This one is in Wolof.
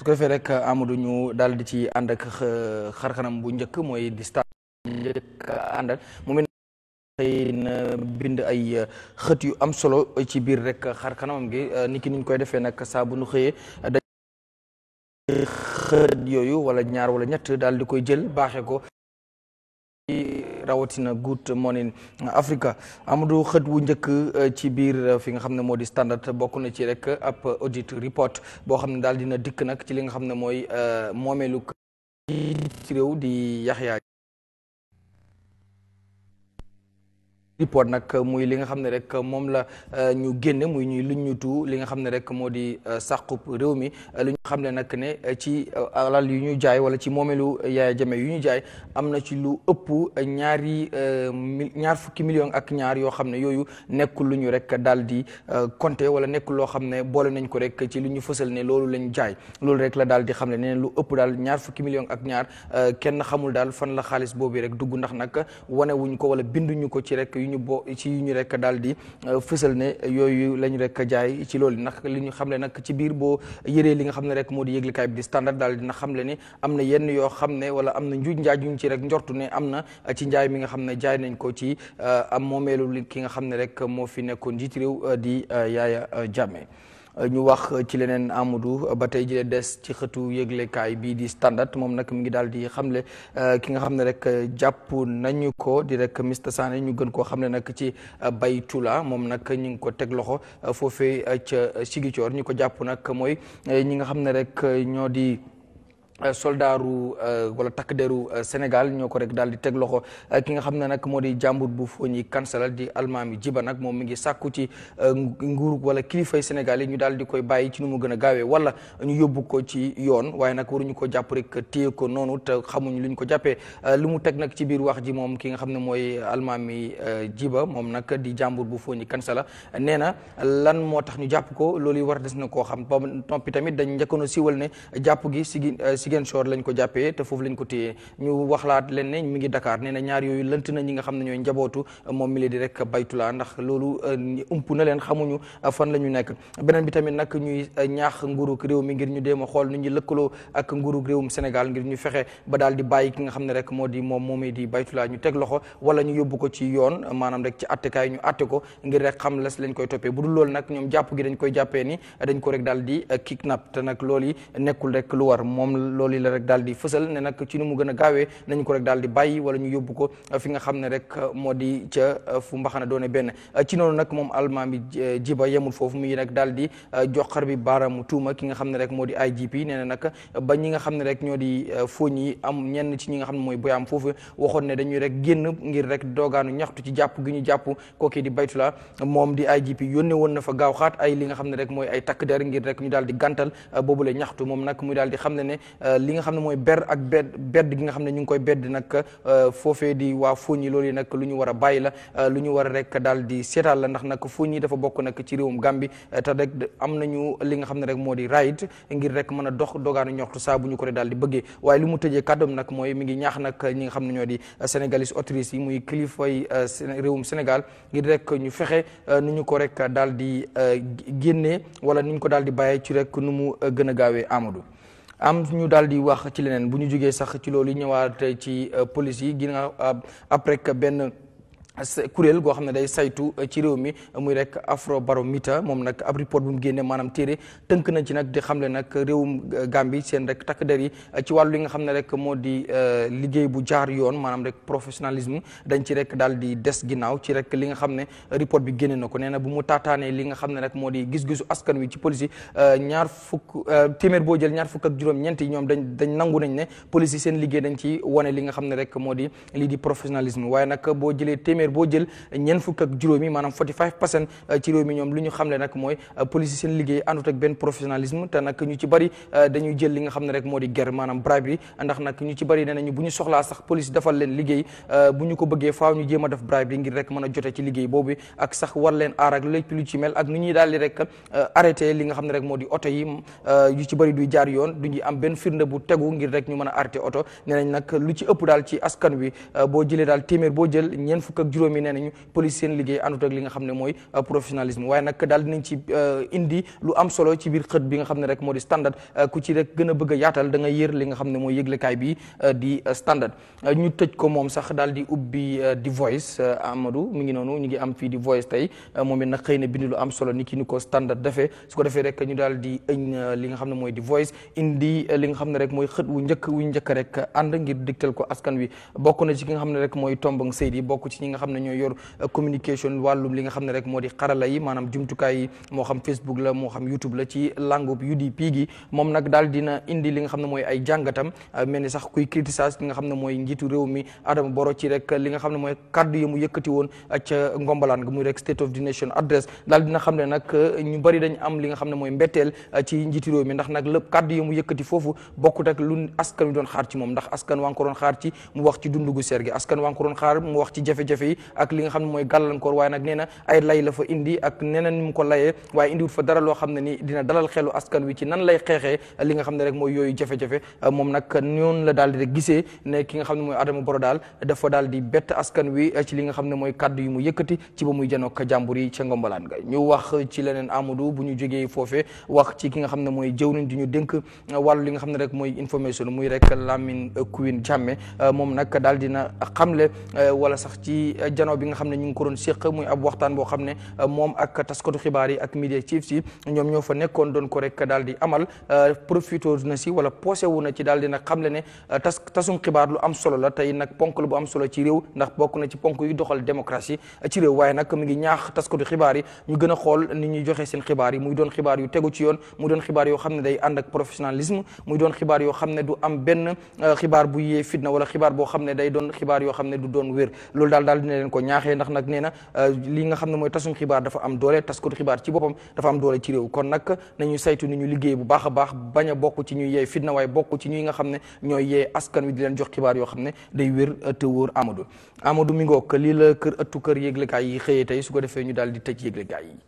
su ko defee rek Amadou ñu daal di ci ànd ak euh, xarxanam bu njëkk mooy di stade njëkk mu mel xëy bind ay euh, xët yu am solo ci biir rek xarkanamam gi euh, nit ki niñ koy defee nag saa bu nu xëyee dañ xët yooyu wala ñaar wala ñett daal di koy jël baaxe ko rawatina Good Morning Africa Amadou xët wu njëkk euh, ci biir euh, fi nga xam ne moo di standard bokk na ci rek ab audit report boo xam ne daal dina dikk nag ci li nga xam ne mooy euh, moomeelu ci réew di Yaxya report nag muy li nga xam ne rek moom la euh, ñu génne muy ñu lu ñu tu li nga xam ne rek moo di euh, sàqub réew mi euh, lu ñu xam ne nag ne ci alal yu ñu jaay wala ci moomelu Yaya yu ñu jaay am na ci lu ëpp ñaari ñaar fukki million ak ñaar yoo xam ne yooyu nekkul lu ñu rek daal di compter wala nekkul loo xam ne boole nañ ko rek ci lu ñu fësal ne loolu lañ jaay loolu rek la daal di xam ne nee lu ëpp daal ñaar fukki million ak ñaar kenn xamul daal fan la xaalis boobu rek dugg ndax nag wane wuñ ko wala binduñu ko ci rek ñu bo ci yu ñu rek daal di euh, fësal ne yooyu lañu ñu a jaay ci loolu nag li ñu xamle nag ci biir bo yëree li nga xam ne rek moo di yëglikaay bi di standard daal dina xamle ne am na yenn yoo xam ne wala am na njuuj njaaj yuñ ci rek njortu ne am na euh, ci njaay mi nga xam ne jaay nañ ko ci euh, am li ki nga xam ne rek moo fi nekkoon njiit réew di yaaya Jammeh ñu wax ci leneen Amadou ba tey jii des ci xëtu yëglekaay bii di standard moom nag mi ngi daal di xamle euh, ki nga xam ne rek jàpp nañu ko di rek Mr Sané ñu gën koo xam ne nag ci euh, Baytula moom nag ñu ngi ko teg loxo euh, foofee ca Sigicoor ñu ko jàpp nag mooy ñi nga xam ne rek ñoo di. Euh, soldaaru euh, wala takk deru euh, Sénégal ñoo ko rek daal di teg loxo ki nga xam ne nag moo di jàmbur bu fooñi kansalal di almaami jiba nag moom mi ngi sàkku ci nguur wala kilifay Sénégal yi ñu daal di koy bàyyi ci nu mu gën a gaawee wala ñu yóbbu ko ci yoon waaye nag waruñu ko jàpp rek téye noonu te xamuñ ko jàppee li mu teg nag ci biir wax ji moom ki nga xam ne mooy almaami jiba moom nag di jàmbur bu fooñi kansala nee na lan moo tax ñu jàpp ko loolu yi war des na koo xam ba tamit dañ njëkkoon a siiwal ne jàpp gi si Ziguinchor lañ ko jàppee te foofu lañ ko téyee ñu waxlaat leen ne mi ngi Dakar nee na ñaar yooyu lënt na ñi nga xam ne ñooy njabootu moom mi di rek baytulaa ndax loolu euh, ump na leen xamuñu euh, fan la ñu nekk beneen bi tamit nag ñuy euh, ñaax nguurug réew mi ngir ñu déem a xool ni ñu lëkkaloo ak nguurug réewum Sénégal ngir ñu fexe ba daal di bàyyi ki nga xam ne rek moo di moom moomee di baytulaa ñu teg loxo wala ñu yóbbu ko ci yoon maanaam rek ci attekaay ñu atte ko ngir rek xam las lañ koy toppee bu dul loolu nag ñoom jàpp gi dañ koy jàppee ni dañ ko rek daal loolu yi la rek daal di fësal ne nag ci nu mu gën a gaawee nañ ko rek daal di bàyyi wala ñu yóbbu ko fi nga xam ne rek moo di uh, fu mbaxana doone benn uh, ci noonu nag moom almaami uh, jiba yemul foofu mu ngi daal di jox xar bi baaraamu tuuma ki nga xam ne rek moo di IGP nee na nag ba nga xam ne rek ñoo di fóoñ yi am ñenn ci ñi nga xam ne mooy boyaam foofu waxoon ne dañuy rek génn ngir rek doogaanu ñaxtu ci jàpp gi jàpp kookii di baytula moom di IGP yónnee woon na fa gaaw xaat ay li nga xam ne rek mooy ay takk der ngir rek ñu daal di gàntal boobule ñaxtu moom nag muy daal di xam ne ne Euh, li nga xam ne mooy ber ak bedd bedd gi nga xam ne ñu ngi koy bedd nag euh, foofee di waa Fogni loolu yi nag lu ñu war a bàyyi la euh, lu ñu war a rek daal di seetal la ndax nag Fogni dafa bokk nag ci réewum Gàmbi te rek am nañu li nga xam ne rek moo di right ngir rek mën a dox dogaanu ñoxtu saa bu ñu ko daal di bëggee waaye li mu tëjee kàddoom nag mooy mi ngi ñaax nag ñi nga xam ne ñoo di sénégalais autrice yi muy kilifay réewum Sénégal ngir rek ñu fexe nu ñu ko rek daal di génne wala nu ñu ko daal di bàyyee ci rek nu mu gën a gaawee Amadou am ñu daal di wax ci leneen bu ñu jógee sax ci loolu te ci euh, police yi ginnaaw après que benn. kuréel goo xam ne day saytu euh, ci réew mi euh, muy rek afrobaromètre moom nag ab report bu mu génnee maanaam téere tënk na ci nag di xamle nag réewum euh, Gambie seen rek takk der yi ci wàllu li nga xam ne rek moo di liggéey bu jaar yoon maanaam rek professionnalisme dañ ci rek daal di des ginnaaw ci rek li nga xam ne report bi génne na ko nee na bu mu taataanee li nga xam ne rek moo di gis-gisu askan wi ci police yi ñaar fukk téeméer boo jël ñaar fukk ak juróom-ñeent ñoom dañ dañ nangu nañ ne police seen liggéey dañ ci wane li nga xam ne rek moo di lii di professionnalisme waaye nag boo jëlee téeméer téeméer boo jël ñeent fukk ak juróomi maanaam 45 pour cent ci réew mi ñoom lu ñu xamle nag mooy euh, police seen liggéey àndut ak benn professionnalisme te nag ñu ci bari euh, li nga xam ne rek moo di euh, di rek arrêté li duy jaar yoon du ñuy am benn firnde bu tegu ngir rek ñu mën a arrêté oto nee nag lu ci ëpp daal ci askan wi boo jëlee daal téeméer boo jël ñeent fukk ak juróomi nee ñu police seen liggéey àndut ak li nga xam ne mooy euh, professionnalisme waaye nag daal dinañ ci euh, indi lu am solo ci biir xët bi nga xam ne rek moo di standard euh, ku ci rek gën a bëgg a yaatal da nga yër li nga xam ne mooy yëglekaay bi di standard ñu tëj ko moom sax daal di ubbi di voice Amadou mi ngi noonu ñu ngi am fii di voice tey moom it nag xëy na bind lu am solo ni ki ni ko standard defee su ko defee rek ñu daal di li nga xam ne mooy di voice indi li nga xam ne rek mooy xët wu njëkk wu njëkk rek ànd ngir digtal ko askan wi bokk na ci ki nga xam ne rek mooy tombang Seydi bokk ci ñi nga xam ne ñoo yor euh, communication wàllum li nga xam ne rek moo di xarala yi maanaam jumtukaay yi moo xam Facebook la moo xam YouTube la ci langub UDP gi moom nag daal dina indi li nga xam ne mooy ay jàngatam euh, mel ni sax kuy criticise li nga xam ne mooy njiitu réew mi Adama Barrow ci rek li nga xam ne mooy kaddu yi mu yëkkati woon euh, ca ngombalaan ga muy rek state of the daal dina xam ne nag ñu bari dañ am li nga xam ne mooy mbetteel ci njiitu réew mi ndax nag lépp kaddu yi mu yëkkati foofu bokkut ak lu askan wi doon xaar ci moom ndax askan waa ngi ko doon xaar ci mu wax ci dundu gu seer askan waa ngi doon xaar mu wax ci jafe yi ak li nga xam ne mooy gàllankoor waaye nag nee ay lay la fa indi ak neneen mu ko layee waaye indiwut fa dara loo xam ne ni dina dalal xelu askan wi ci nan lay xeexee li nga xam ne rek mooy yooyu jafe-jafe moom nag noonu la daal di rek gisee ne ki nga xam ne mooy Adama Barrow daal dafa daal di bett askan wi ci li nga xam ne mooy kàddu yu mu yëkkati ci ba muy janook jàmbur yi ca ngombalaan ga ñu wax ci leneen Amadou bu ñu jógee foofe wax ci ki nga xam ne mooy jëwriñ di ñu dénk wàllu li nga xam ne rek mooy information muy rek Lamine Kuwin Jammeh moom nag daal dina xamle wala sax ci jano bi nga xam ne ñu ngi ko doon séq muy ab waxtaan boo xam ne euh, moom ak taskatu xibaar yi ak media chiefs ñoom ñoo fa nekkoon doon ko rek daal di amal euh, profito na si wala posé wu na ci daal di nag xam le ne euh, tas tasum xibaar lu am solo la tey nag ponk la bu am solo ci réew ndax bokk na ci ponk yu doxal démocratie ci réew waaye nag mu ngi ñaax taskatu xibaar yi ñu gën a xool ni ñuy joxe seen xibaar yi muy doon xibaar yu tegu ci yoon muy doon xibaar yoo xam ne day ànd ak professionnalisme doon xibaar yoo xam ne du am benn xibaar bu yee fitna wala xibaar boo xam ne day doon xibaar yoo xam ne du doon wér loolu daal ne leen ko ñaaxee ndax nag nee na euh, li nga xam ne mooy tasum xibaar dafa am doole taskatu xibaar ci boppam dafa am doole ci réew kon nag nañu saytu ni ñu liggéey bu baax a baax baña a bokk ci ñuy yee fitna waaye bokk ci ñuy nga xam ne ñooy yee askan wi di leen jox xibaar yoo xam ne day wér euh, te wóor Amadou Amadou mi ngoog lii la kër ëttu kër yëglekaay yi xëyee tey su ko defee ñu daal di tëj yëglekaay yi